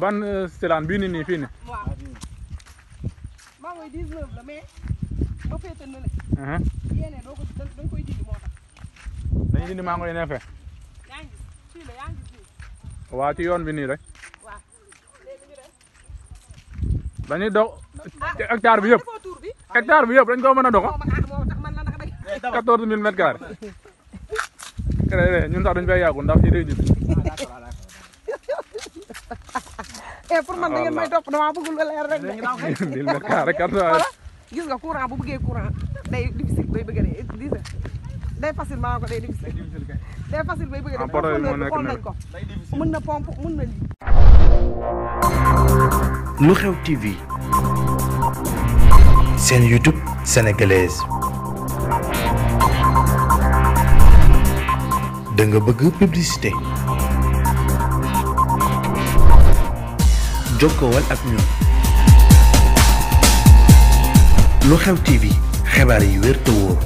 ban euh, Silane bii nii nii fii nii. waaw maa ngi uh-huh. maa ngi leen a fekk. yaa yoon bi nii rek. waaw léegi ah. hectare bi yëpp. hectare bi yëpp dañ ko mën a dox. 14000 ah, mètres carrés. ñun sax dañu fay yàggu ndax fii day jub. waaw pour man da ngeen may topp damaa bëggul leer rek de. gis nga courant bu bëggee courant day difficile bay bëgg a dee day facile maa ko day difficile day facile bay bëgg a dee xool nañ ko mën na pompe mën na lii. lu xew TV seen YouTube sénégalaise. da nga bëgg publicité jokkool ak ñun lu xew TV xibaar yi wér te wóor.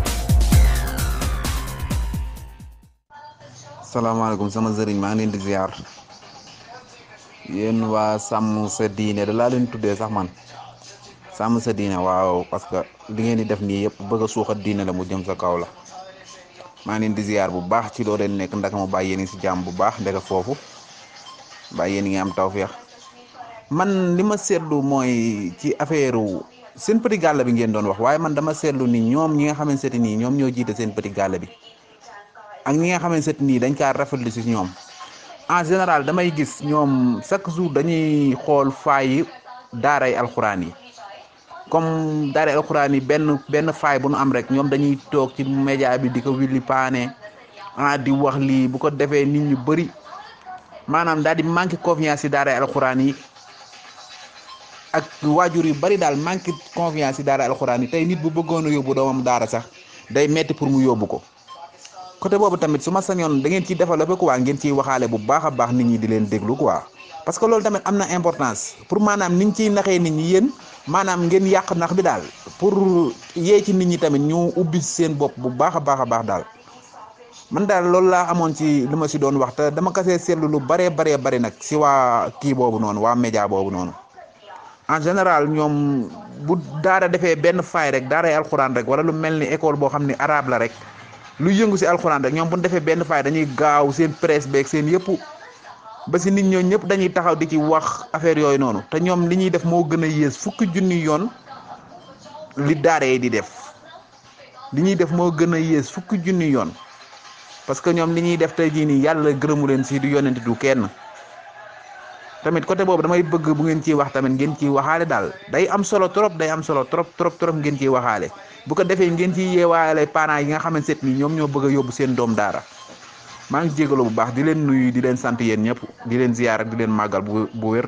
salaamaaleykum sama sëriñ maa ngi leen di ziar yéen waa sàmm sa diine da laa leen tuddee sax man sàmm sa diine waaw parce que li ngeen di def nii yëpp bëgg a suuxat diine la mu jëm sa kaw la. maa ngi leen bu baax ci loo leen nekk ndax ma bàyyi yéen si jàmm bu baax ndeke foofu bàyyi yéen ngi am tawféex man li ma seetlu mooy ci affaire seen petit gàll bi ngeen doon wax waaye man dama seetlu ni ñoom ñi nga xamante ni ñoom ñoo jiite seen petit gàll bi ak ñi nga xamante ni dañ kaa rafetlu si ñoom en général damay gis ñoom chaque jour dañuy xool faayi daaray alxuraan yi comme daara alxuraan yi benn benn faay bu nu am rek ñoom dañuy toog ci média bi di ko willi paane ah di wax lii bu ko defee nit ñu bëri maanaam daal di manqué confiance ci daara alxuraan yi ak waajur yu bari daal manqué confiance ci daara alxuraan yi tey nit bu bëggoon a yóbbu doomam daara sax day metti pour mu yóbbu ko côté boobu tamit su ma sañoon da ngeen ciy ko waa ngeen ciy waxaale bu baax a baax nit ñi di leen déglu quoi parce que loolu tamit am na importance pour maanaam niñ ciy naxee nit ñi yéen. maanaam ngeen yàq nax bi daal pour yee ci nit ñi tamit ñu ubbi seen bopp bu baax a baax a baax daal man daal loolu laa amoon ci lu ma si doon waxta te dama kasee seetlu lu baree bare bari nag si waa kii boobu noonu waa média boobu noonu en général ñoom bu daara defee benn faay rek daaray alxuraan rek wala lu mel ni école boo xam ne arabe la rek lu yëngu si alxuraan rek ñoom bu ñu defee benn faay dañuy gaaw seen presse beeg seen yëpp. ba si nit ñoo ñëpp dañuy taxaw di ci wax affaire yooyu noonu te ñoom li ñuy def moo gën a yées fukki junni yoon li daara yi di def li ñuy def moo gën a yées fukki junni yoon parce que ñoom li ñuy def tey jii nii yàlla gërëmu leen si du yonent du kenn tamit côté boobu damay bëgg bu ngeen ciy wax tamit ngeen ciy waxaale daal day am solo trop day am solo trop trop trop ngeen ciy waxaale bu ko defee ngeen ciy yeewaale parents yi nga xamante ni ñoom ñoo bëgg yóbbu seen doom daara. maa ngi jégalu bu baax di leen nuyu di leen sant yéen ñëpp di leen ziyaar ak di leen màggal bu bu wér